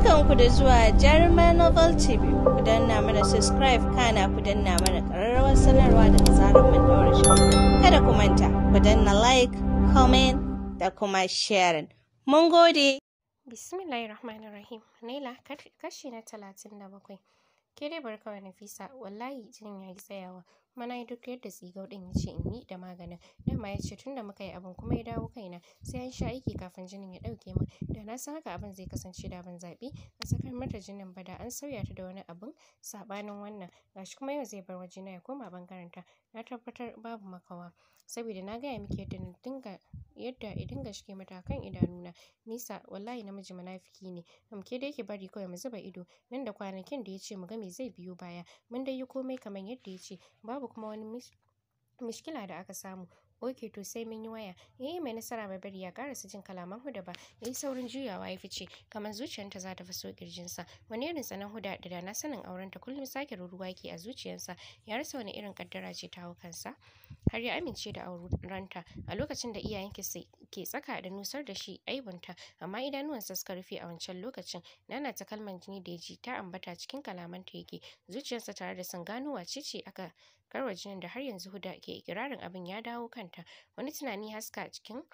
barkanku da zuwa jarumar novel tv ku danna mana subscribe kana kudan danna mana ƙararrawar sanarwa da tsarin mun daura shi kada ku manta ku danna like comment da kuma sharing mun gode bismillahir rahim naila kashi na talatin da bakwai ke dai nafisa wallahi jin ya yi tsayawa Mana ya duk yadda tsigau ɗin ya ce in yi da maganin. ma ya ce tun da muka yi abin kuma ya dawo kaina sai an sha aiki kafin jinin ya ɗauke ma Da na san haka abin zai kasance da abin zaɓi a sakar mata jinin ba da an sauya ta da wani abin saɓanin wannan. Gashi kuma yau zai bar wajena ya koma bangaranta Na tabbatar babu makawa. Saboda na gaya miki yadda na dinga yadda idan dinga shige matakan idanuna. Nisa wallahi namiji munafiki ne. kam ke dai ki bari kawai mu zuba ido nan da kwanakin da yace mu ga me zai biyo baya. Mun dai yi komai kamar yadda ya ce babu kuma wani mishkila da aka samu. oke to sai mun yi waya eh mai nasara mai bari ya karasa jin kalaman huda ba yayi saurin juyawa ya fice kamar zuciyarta za ta faso kirjinsa wani irin tsanan huda da na sanin aurenta kullum sake ruruwa yake a zuciyarsa ya rasa wani irin kaddara ce ta hukan sa har ya amince da aurenta a lokacin da iyayen ke tsaka da nusar da shi aibunta amma sa suka rufe a wancan lokacin nana ta kalman jini da ya ji ta ambata cikin kalamanta yake zuciyarsa tare da sun gano wace ce aka jinin da har yanzu Huda ke ikirarin abin ya dawo kanta wani tunani haska cikin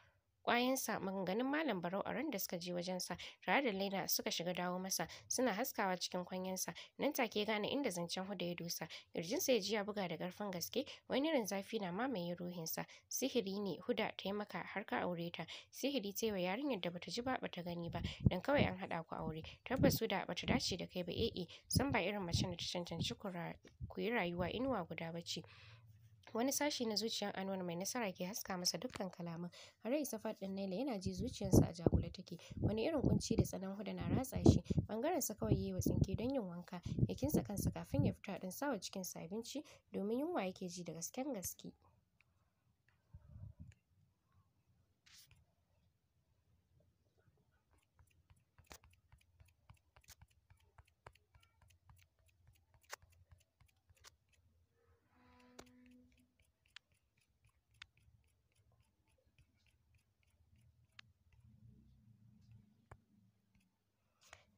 kwayansa maganganun malam barau a ran da suka je wajensa tare da laina suka shiga dawo masa suna haskawa cikin kwanyensa nan take gane inda zancen huda ya dosa kirjinsa ya ji ya buga da garfan gaske wani irin zafi na mamaye ruhinsa sihiri ne huda taimaka har ka aure ta sihiri ta wa yarinyar da bata ji ba bata gani ba dan kawai an haɗa ku aure tabbas huda bata dace da kai ba e'e eh, eh. san ba irin mace da ta cancanci ku yi rayuwa inuwa guda ba ce wani sashi na zuciyar Anwar mai nasara ke haska masa dukkan kalaman har ya isa faɗin Naila yana ji zuciyarsa a jagule take wani irin kunci da tsanan huda na ratsa shi Ɓangarensa sa kawai yayi wa tsinke don yin wanka ya kinsa kansa kafin ya fita don sawa cikin sa abinci domin yunwa yake ji da gasken gaske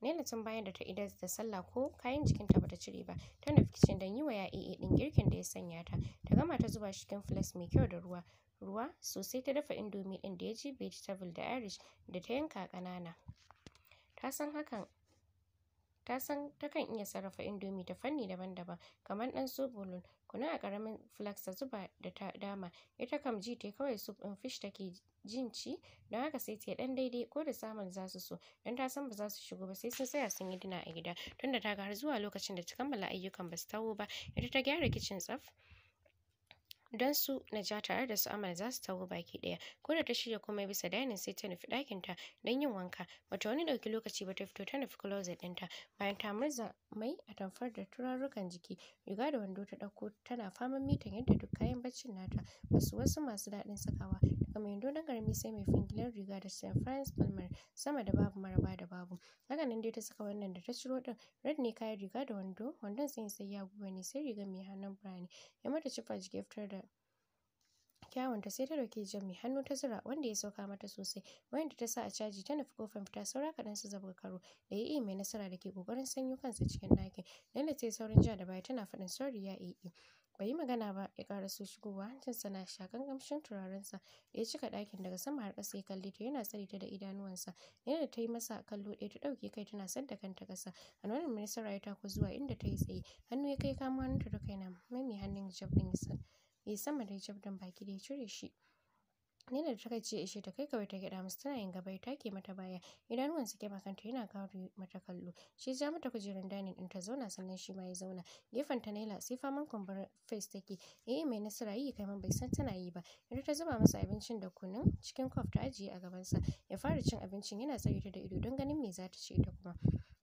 Naila tun bayan da ta idar da sallah ko kayan jikinta bata cire ba, ta nufi kicin don yi wa ya'i e ɗin girkin da ya sanya ta. Ta gama ta zuba cikin flask mai kyau da ruwa. Ruwa sosai ta dafa indomi ɗin da ya ji vegetable da Irish da ta yanka ƙanana. Ta san hakan ta san takan iya sarrafa indomi ta fanni daban-daban kamar ɗan sobolon, kuna a ƙaramin flask ta zuba da ta dama, ita kam ji tai kawai soup ɗin fish take jinci ci don haka sai ta dan daidai ko da samun za su so don ta san ba za su shigo ba sai sun tsaya sun yi dina a gida tunda ta ga har zuwa lokacin da ta kammala ayyukan ba su tawo ba ita ta gyara kicin tsaf don su na ja tare da su amal za su taho baki ɗaya ko da ta shirya komai bisa dainin sai ta nufi ta don yin wanka bata wani ɗauki lokaci ba ta fito ta nufi closet ɗinta bayan ta murza mai a tamfar da turarrukan jiki riga da wando ta ɗauko tana faman mitan yadda duk kayan baccin nata ba su wasu masu daɗin sakawa mai wando dan karami sai mai fingilar riga da St. Francis Palmer sama da babu maraba da babu. Haka nan dai ta saka wannan da ta ciro din red ne kayan riga da wando wandon sai sai ya guba ne sai riga mai hannun birane ya mata cifa jike fitar da kyawunta sai ta dauke jan mai hannu ta zura wanda ya sauka mata sosai wanda ta sa a caji ta nufi kofar fita saura kaɗan su zabga karo da ya mai nasara da ke kokarin sanyo kansa cikin ɗakin lalle sai saurin ja da baya tana faɗin sorry ya iya bai yi magana ba ya karaso shigowa hancinsa na shakan kamshin turarensa ya cika ɗakin daga sama har kasa ya kalli ta yana tsare ta da idanuwansa yana da ta yi masa kallo ɗaya ta ɗauke kai tana sadda kanta ƙasa anwarin ministar ya taku zuwa inda ta yi tsaye hannu ya kai kamo hannunta da na mai hannun hijab ya sama da jabdan baki da ya cire shi ne da takaici ya ishe ta kai kawai ta gyaɗa musu tana yin gaba ta ke mata baya idanuwan su ke makanta yana kawo mata kallo shi ja mata kujerun dining in ta zauna sannan shi ma ya zauna gefen ta naila sai faman kumbar face take eh mai nasara yi kai man bai san tana yi ba idan ta zuba masa abincin da kunun cikin kwaf ta ajiye a gabansa ya fara cin abincin yana tsaye da ido don ganin me za ta ce ita kuma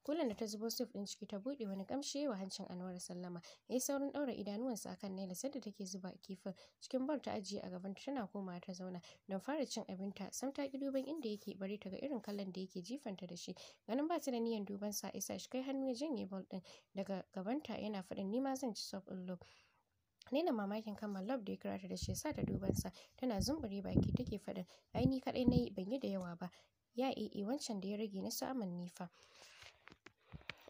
kulan da ta zubo suf din ciki ta buɗe wani kamshi wa hancin Anwar Sallama yayi saurin ɗaura idanuwansa akan Naila sadda take zuba kifin cikin bar ta ajiye a gaban tana komawa ta zauna don fara cin abinta sam ta ki duban inda yake bare ta ga irin kallon da yake jifanta da shi ganin ba ta da niyan duban sa isa shi kai hannu ya janye ball din daga gabanta yana faɗin nima zan ci sof ɗin lob Nina mamakin kan Mallab da ya kira ta da shi sa ta duban sa tana zumbure baki take faɗin ai ni kaɗai na yi ban yi da yawa ba ya ee eh, eh, wancan da ya rage na samun nifa.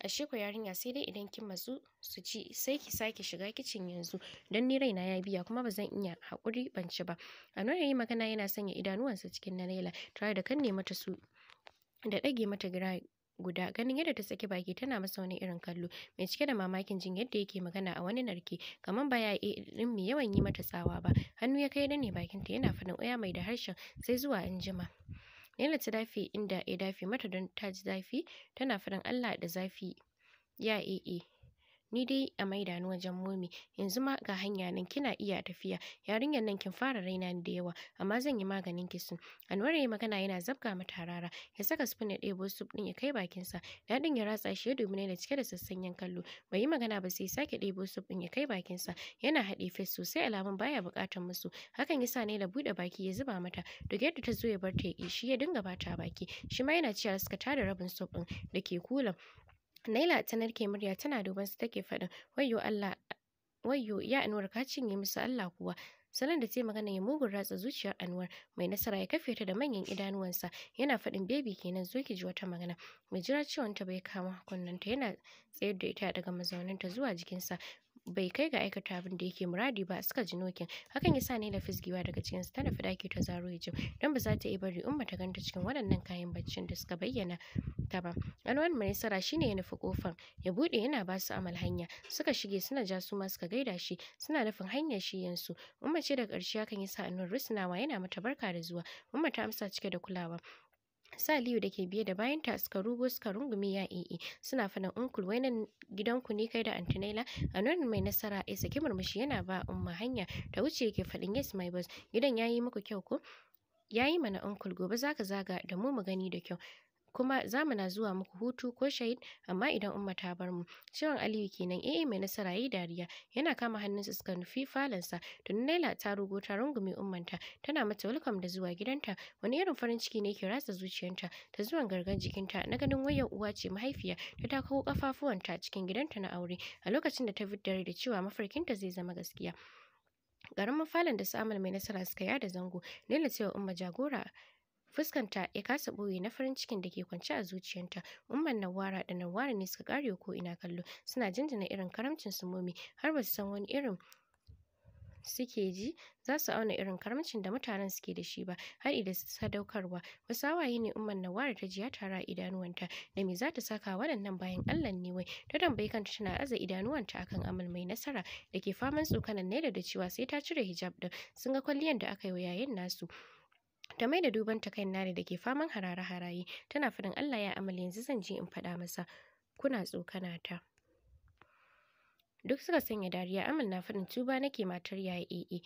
ashe ko yarinya sai dai idan kin matsu su ci sai ki sake shiga kicin yanzu don ni raina ya biya kuma ba zan iya haƙuri ban ci ba anwar yi magana yana sanya idanuwansa cikin na laila tare da kan mata su da ɗage mata gira guda ganin yadda ta saki baki tana masa wani irin kallo mai cike da mamakin jin yadda yake magana a wani narke kamar baya irin mai yawan yi mata tsawa ba hannu ya kai da ne bakinta yana faɗin oya mai da harshen sai zuwa anjima Laila ta dafe inda ya dafe mata don ta ji zafi tana faɗin Allah da zafi ya ee eh, eh. ni dai a maida ni wajen momi yanzu ma ga hanya nan kina iya tafiya yarinyar nan kin fara raina ni da yawa amma zan yi maganin ki sun anwar yayi magana yana zabga mata rara ya saka spoon ya ɗebo soup ɗin ya kai bakin sa daɗin ya ratsa shi ya dubi da cike da sassanyen kallo bai yi magana ba sai sake ɗebo soup ɗin ya kai bakin sa yana haɗe face sosai alamun baya buƙatar musu hakan yasa ne da buɗe baki ya zuba mata duk yadda ta zo ya bar ta ya shi ya dinga bata baki shi ma yana cewa suka tada rabin soup din da ke kulan Naila ta narke murya tana duban su take faɗin wayyo Allah wayyo ya Anwar ka cinye musu Allah kuwa salon da ta magana ya mugun ratsa zuciyar Anwar mai nasara ya kafe ta da manyan idanuwansa yana faɗin bebi kenan zo ki ji wata magana mai jira ciwon ta bai kama kunnanta yana tsayar da ita daga mazauninta zuwa jikinsa bai kai ga aikata abin da yake muradi ba suka ji nokin hakan yasa da fisgiwa daga cikin su ta fada ke ta zaro hijab don ba za ta iya bari Umma ta ganta cikin waɗannan kayan baccin da suka bayyana ta ba Alwan nasara shine ya nufi kofar ya bude yana ba su amal hanya suka shige suna ja su ma suka gaida shi suna nufin hanyar shi yansu Umma ce da ƙarshe hakan yasa Anwar Rusnawa yana mata barka da zuwa Umma ta amsa cike da kulawa sa liyu da ke biye da bayanta suka rugo suka rungume ya ee suna faɗin unkul wainan gidanku ne kai da antinaila a nan mai nasara a saki murmushi yana ba umma hanya ta wuce yake faɗin yes my boss gidan yayi muku kyau ko yayi mana unkul gobe zaka zaga da mu mu gani da kyau kuma za mu na zuwa muku hutu ko shahid amma idan umma ta bar mu ciwon aliyu kenan eh mai nasara yi dariya yana kama hannunsa suka nufi falansa tun naila ta rugo ta rungume ummanta tana mata welcome da zuwa gidanta wani irin farin ciki ne ke ratsa zuciyanta ta zuwan gargan jikinta na ganin wayar uwa ce mahaifiya ta ta kawo kafafuwanta cikin gidanta na aure a lokacin da ta fiddare da cewa mafarkinta zai zama gaskiya garin falon da su mai nasara suka yada zango, nila cewa Umma jagora Fuskanta ya kasa ɓoye na farin cikin da ke kwance a zuciyarta. Umman Nawara da Nawara ne suka kare ko ina kallo suna jinjina irin karamcin su momi har ba su san wani irin suke ji za su auna irin karamcin da mutanen suke da shi ba har da sadaukarwa wasu hawaye ne umman nawara ta ji ya tara idanuwanta da me za ta saka waɗannan bayan allah ne wai ta tambayi kanta tana aza idanuwanta akan amal mai nasara da ke faman tsokanan naira da cewa sai ta cire hijab din sun ga kwalliyan da aka yi wa yayin nasu ta mai da duban ta kai nare da ke faman harare haraye tana faɗin Allah ya amal yanzu zan je in faɗa masa kuna tsokana ta duk suka sanya dariya amal na faɗin tuba nake matar yayi ee eh, eh.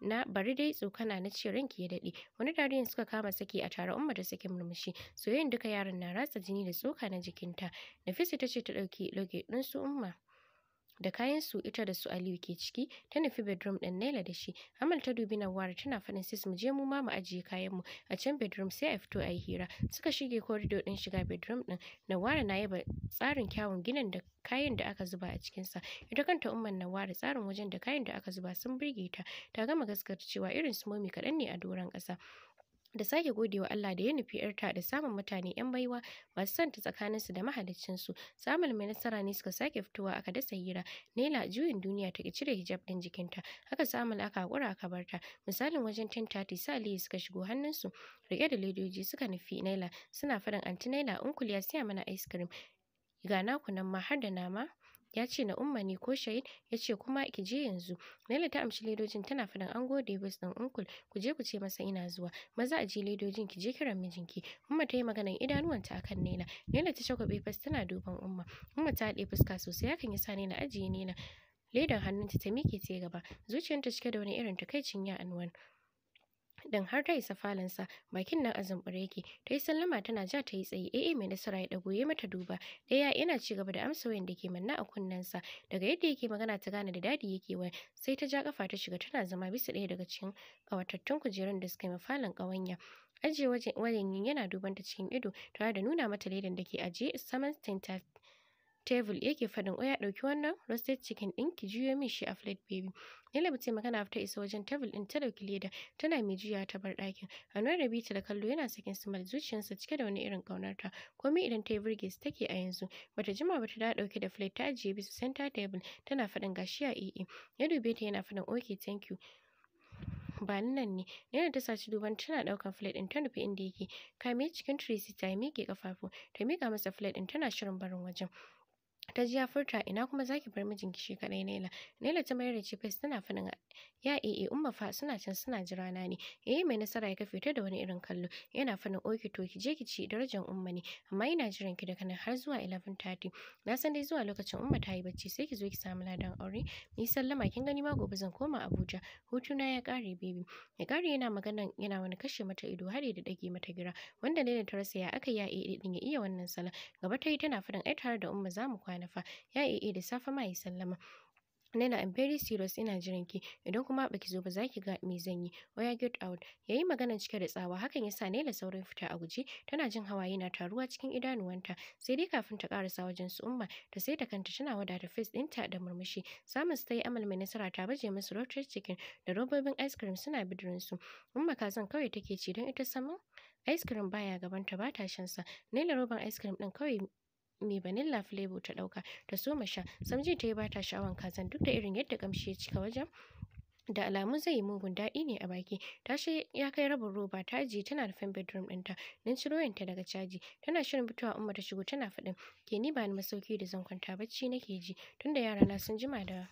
na bari dai tsokana na ce ranki ya dade wani dariyan suka kama saki a tare umma da saki murmushi soyayyen duka yaron na rasa jini da tsoka na jikinta nafisa ta ce ta ɗauki loge ɗin su umma da kayan su ita da su Aliyu ke ciki ta nufi bedroom ɗin Naila da shi Amal ta dubi Nawara tana faɗin sis mu je mu ma mu ajiye kayan mu a can bedroom sai a fito ayi hira suka shige corridor ɗin shiga bedroom ɗin Nawara na yaba tsarin kyawun ginin da kayan da aka zuba a cikin sa ita kanta umman Nawara tsarin wajen da kayan da aka zuba sun birge ta ta gama gaskata cewa irin su momi kaɗan ne a doron ƙasa da sake gode wa Allah da ya nufi ‘yarta da samun mutane ‘yan baiwa masu santa tsakaninsu da mahaliccinsu. Samun mai nasara ne suka sake fitowa aka dasa hira, Naila juyin duniya ta ki cire hijab din jikinta, haka samun aka haƙura aka barta. Misalin wajen ten ta sa Aliyu suka shigo hannunsu, riƙe da ledoji suka nufi Naila, suna faɗin anti Naila unkul ya siya mana ice cream. Ga naku nan ma har da nama. ya ce na umma ne ko shahid ya ce kuma ki je yanzu laila ta amshi ledojin tana fadan an gode bas din unkul ku je ku ce masa ina zuwa maza a je ledojin ki je kiran mijinki umma ta yi maganan idanuwanta akan nela nela ta shakwabe fas tana duban umma umma ta haɗe fuska sosai hakan ya sa nela ajiye nela ledan hannunta ta miƙe ta gaba zuciyarta cike da wani irin takaicin ya anwan don har ta isa falansa bakin nan a zamɓare yake ta yi sallama tana ja ta yi tsaye AA eh, eh, mai nasara ya ɗago ya mata duba ɗaya yana ci gaba da amsa wayan da ke manna a kunnensa daga yadda yake magana ta gane da dadi yake wa sai ta ja kafa ta shiga tana zama bisa ɗaya daga cikin ƙawatattun kujerun da suka yi falan ƙawanya ajiye wajen yana duban ta cikin ido tare da nuna mata ledan da ke ajiye saman table yake faɗin oya ɗauki wannan roasted chicken ɗin ki juyo min shi a flat baby Laila bace magana ta isa wajen table ɗin ta ɗauki leda tana mai juya ta bar ɗakin Anwar da da kallo yana sakin smile zuciyarsa cike da wani irin ta komai idan ta yi burge su take a yanzu bata jima bata da ɗauke da flat ta ajiye bisa center table tana faɗin gashi a ee e. ya dube ta yana faɗin okay thank you ba nan ne yana ta saci duban tana daukan flat din ta nufi inda yake kame cikin Tracy ta miƙe kafafu ta miƙa masa flat din tana shirin barin wajen ta ji ya furta ina kuma zaki bar mijinki shi kadai Naila Naila ta mayar da ce face tana fadin ya eh, eh umma fa suna can suna jira na ne eh mai nasara ya kafe ta da wani irin kallo yana fadin oki to ki je ki ci darajan umma ne amma ina jiran ki daga nan har zuwa 11:30 na san dai zuwa lokacin umma ta yi bacci sai ki zo ki samu ladan aure ni sallama kin gani ma gobe zan koma Abuja hutuna ya kare baby ya kare yana magana yana wani kashe mata ido har da dage mata gira wanda Naila ta rasa ya aka ya eh din eh, ya iya wannan sala gaba ta yi tana fadin ai tare da umma za mu kwana na fa ya iya da safe ma ya sallama Nena I'm very serious ina jiran ki idan kuma baki zo ba zaki ga me zan yi waya get out ya yi magana cike da tsawa hakan yasa Naila saurin fita a guji tana jin hawaye na taruwa cikin idanuwanta sai dai kafin ta karasa wajen su umma ta sai ta kanta tana da face dinta da murmushi samun su tayi amal mai nasara ta baje musu rotary chicken da robobin ice cream suna bidirin su umma kazan kawai take ci don ita saman ice cream baya gabanta ba ta shan sa Naila roban ice cream din kawai mai vanilla flavor ta ɗauka ta soma sha samji ta yi ba ta sha'awan kazan duk da irin yadda kamshi ya cika wajen da alamu zai yi mugun daɗi ne a baki ta shi ya kai rabin roba ta ajiye tana rufin bedroom ɗinta don ciro yanta daga caji tana shirin fitowa umma ta shigo tana faɗin ke ni ba ni masauki da zan kwanta bacci nake ji tunda yara na sun jima da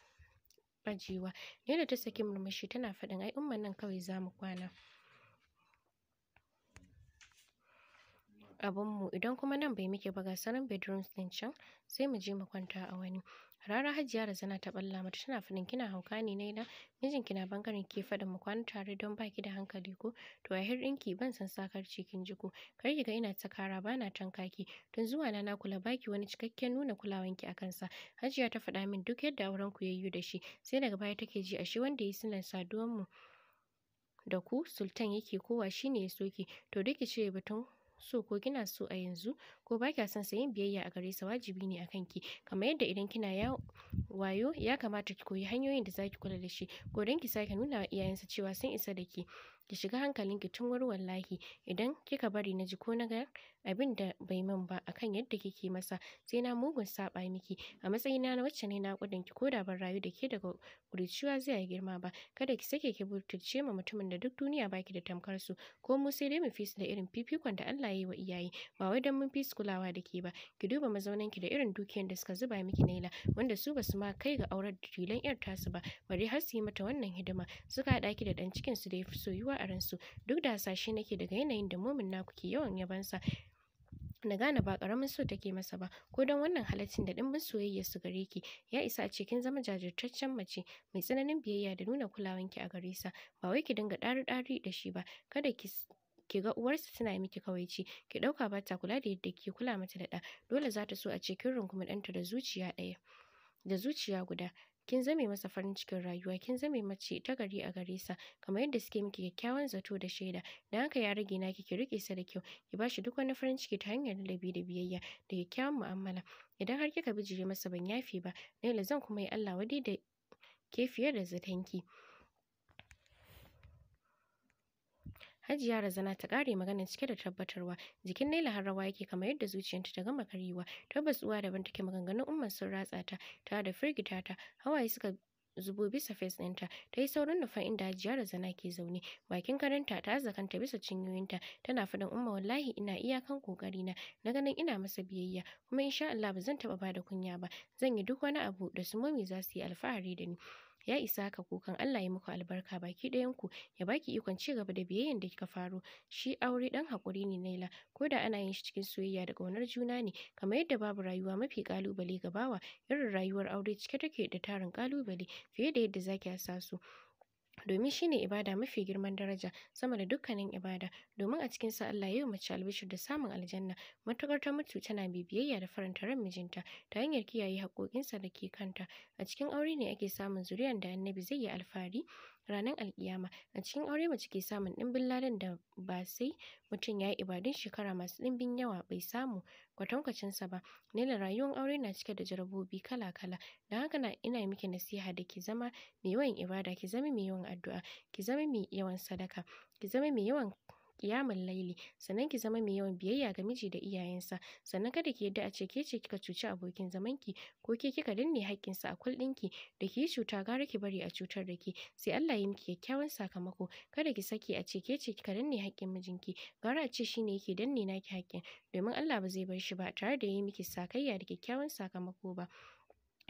bajewa ne da ta saki murmushi tana faɗin ai umman nan kawai za mu kwana abinmu idan kuma nan bai muke ba ga sanin bedrooms din can sai mu je mu kwanta a wani rara hajiya da zana ta balla mata tana fadin kina hauka ne ina mijin kina bangaren ke fadin mu kwana tare don baki da hankali ko to a hir dinki ban san sakar cikin jiko kar ki ga ina ta kara bana tankaki tun zuwa na na kula baki wani cikakken nuna ki a kansa hajiya ta faɗa min duk yadda auren ku yayyu da shi sai daga baya take ji ashe wanda yi sunan saduwan mu da ku sultan yake kowa shine ya soki to duk ki ce batun so ko kina so a yanzu ko ba kya son sayin biyayya a gare sa wajibi ne a kanki kamar yadda idan kina ya wayo ya kamata ki koyi hanyoyin da zaki kula da shi ko don ki sake nuna wa iyayensa cewa sun isa da ki ki shiga hankalin ki tun wuri wallahi idan kika bari na ji ko na ga abin da bai min ba akan yadda kike masa sai na mugun saba miki a matsayina na wacce ne na kudin ki koda ban rayu da ke daga kuriciwa zai girma ba kada ki sake ki burtuce ma mutumin da duk duniya baki da tamkar su ko mu sai dai mu fi da irin fifikon da Allah ya yi wa iyaye ba wai dan mun fi kulawa da ke ba ki duba mazaunan ki da irin dukiyan da suka zuba miki naila wanda su basu ma kai ga aurar da tilan yar tasu ba bari har su yi mata wannan hidima suka haɗa ki da dan cikin su da ya fi soyuwa a ransu duk da hasashe nake daga yanayin da mumin naku ke yawan yabansa na gane ba karamin so take masa ba ko don wannan halaccin da dimbin soyayya su gare ki ya isa a cikin zama jajirtaccen mace mai tsananin biyayya da nuna kulawanki a gare sa ba wai ki dinga ɗari ɗari da shi ba kada ki ki ga uwarsa tana miki kawai kawaici ki ɗauka ba ta kula da yadda ki kula mata da ɗa dole za ta so a cikin kin rungumi ɗanta da zuciya ɗaya da zuciya guda kin zame masa farin cikin rayuwa kin zame mace ta gari a gare sa kamar yadda suke miki kyakkyawan zato da shaida dan haka ya rage naki ki rike sa da kyau ki bashi duk wani farin ciki ta hanyar ladabi da biyayya da kyakkyawan mu'amala idan har kika bijire masa ban yafe ba Naila zan kuma yi Allah wadai da ke fiye da zatanki. Hajiya Razana ta kare magana cike da tabbatarwa. Jikin Naila har rawa yake kamar yadda zuciyarta ta gama karyewa. Tabbas uwa daban take maganganun umar sun ratsa ta, ta da firgita ta. Hawaye suka zubo bisa fes ɗinta ta yi saurin nufan inda hajiya razana ke zaune bakin karanta ta zakanta bisa cinyoyinta tana faɗin umma wallahi ina iyakan kokari na na ganin ina masa biyayya kuma insha Allah ba zan taɓa bada kunya ba zan yi duk wani abu da su mami za su yi alfahari da ni ya isa haka kukan Allah ya muku albarka baki ɗayan ku ya baki ikon ci gaba da biyayyan da kika faro shi aure dan hakuri ne Naila ko da ana yin shi cikin soyayya da ƙaunar juna ne kamar yadda babu rayuwa mafi kalubale ga bawa irin rayuwar aure cike take da tarin kalubale fiye da yadda zaki asasu su domin shi ne ibada mafi girman daraja sama da dukkanin ibada domin a sa Allah ya yi mace albishir da samun aljanna matuƙar ta mutu tana bibiyayya da faranta ran mijinta ta hanyar kiyaye haƙoƙinsa da ke kanta a cikin aure ne ake samun zuriyar da annabi zai yi alfahari ranar alkiyama a cikin aure mace ke samun ɗimbin ladan da ba sai mutum ya yi ibadun shekara masu ɗimbin yawa bai samu kwatankwacinsa ba nila rayuwar aure na cike da jarabobi kala-kala da haka na ina miki nasiha da ki zama mai yawan ibada ki zama mai yawan addu'a ki zama mai yawan sadaka ki zama mai yawan kiyamun laili sannan ki zama mai yawan biyayya ga miji da iyayensa sannan kada ki yadda a ce ke ce kika cuci abokin zamanki ko ke kika danne sa a kul ki da ki cuta gara ki bari a cutar da ki sai Allah ya miki kyakkyawan sakamako kada ki saki a ce ke ce kika danne haƙƙin mijinki gara a ce shine yake danne naki haƙƙin domin Allah ba zai bar shi ba tare da ya yi miki sakayya da kyakkyawan sakamako ba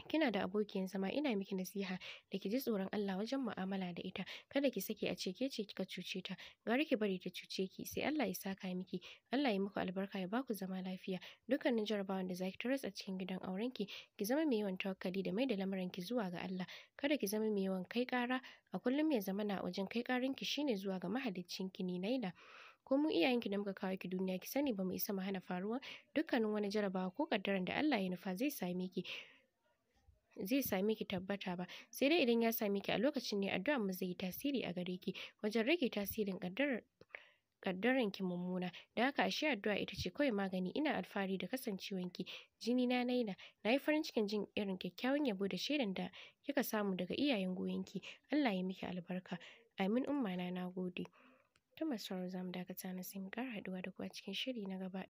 kina da abokiyan zama ina miki nasiha da ki ji tsoron Allah wajen mu'amala da ita kada ki sake a ce ke ce kika cuce ta gari ki bari ta cuce ki sai Allah ya saka miki Allah ya muku albarka ya baku zama lafiya dukkanin jarabawan da zaki taras a cikin gidan auren ki ki zama mai yawan tawakkali da mai da lamuranki zuwa ga Allah kada ki zama mai yawan kai kara a kullum ya zama na wajen kai ki shine zuwa ga mahaliccin ki ne naila ko mu ki da muka kawo ki duniya ki sani ba mu isa mu hana faruwa dukkanin wani jarabawa ko kaddaran da Allah ya nufa zai same ki zai same ki tabbata ba sai dai idan ya same ki a lokacin ne addu'ar mu zai yi tasiri a gare ki wajen rage tasirin kaddarar kaddaran ki mummuna da haka ashe addu'a ita ce kawai magani ina alfahari da ki jini na naina. na yi farin cikin jin irin kyakkyawan yabo da shaidan da kika samu daga iyayen ki. Allah ya miki albarka amin umma na nagode ta masu za mu dakata na sun kara haduwa da ku a cikin shiri na gaba